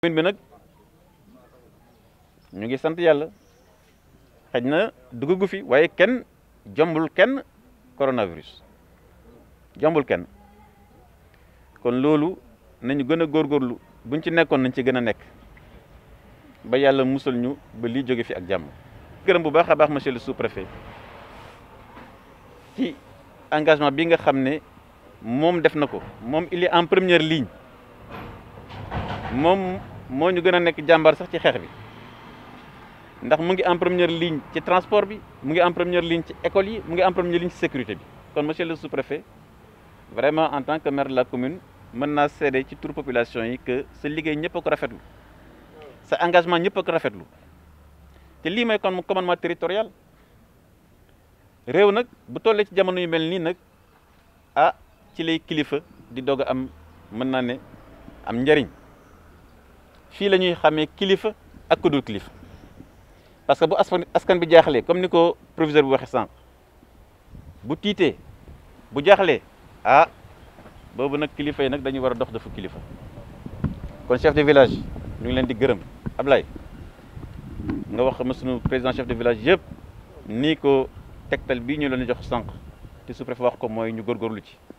commune bi nag ñu ngi sant yàlla xaj na dugugu fi waaye kenn jombul kenn coronavirus jombul kenn kon loolu nañu gën a góorgóorlu buñ ci nekkoon nañ ci gën a nekk ba yàlla musal ñu ba li jóge fi ak jàmm gërëm bu baax a baax monsieur le sous-préfet ci engagement bi nga xam ne moom def na ko moom il en première ligne moom moo ñu gën a nekk jàmbaar sax ci xeex bi ndax mu ngi en première ligne ci transport bi mu ngi en première ligne ci école yi mu ngi en première ligne ci sécurité bi kon monsieur le sous-préfet vraiment en tant que maire de la commune mën naa seede ci tur population yi que sa liggéey ñëpp a ko rafetlu sa engagement ñëpp a ko rafetlu te lii mooy kon commandement territorial réew nag bu tolle ci jamono yu mel nii nag ah ci lay kilifa di doog a am mën naa ne am njariñ fi lañuy xamé kilifa ak kudul dul kilifa parce que bu askan bi jaxlé comme niko proviseur bi waxee sank bu tité bu jaxlé ah bobu nak kilifa nak nag dañu war a dox dafa kilifa kon chef de village ñu ngi leen di gëreum Ablaye nga wax ma suñu président chef de village yépp nii ko tegtal bii ñu leen jox sank te sous-préfet wax ko moy ñu gor góorgóorlu ci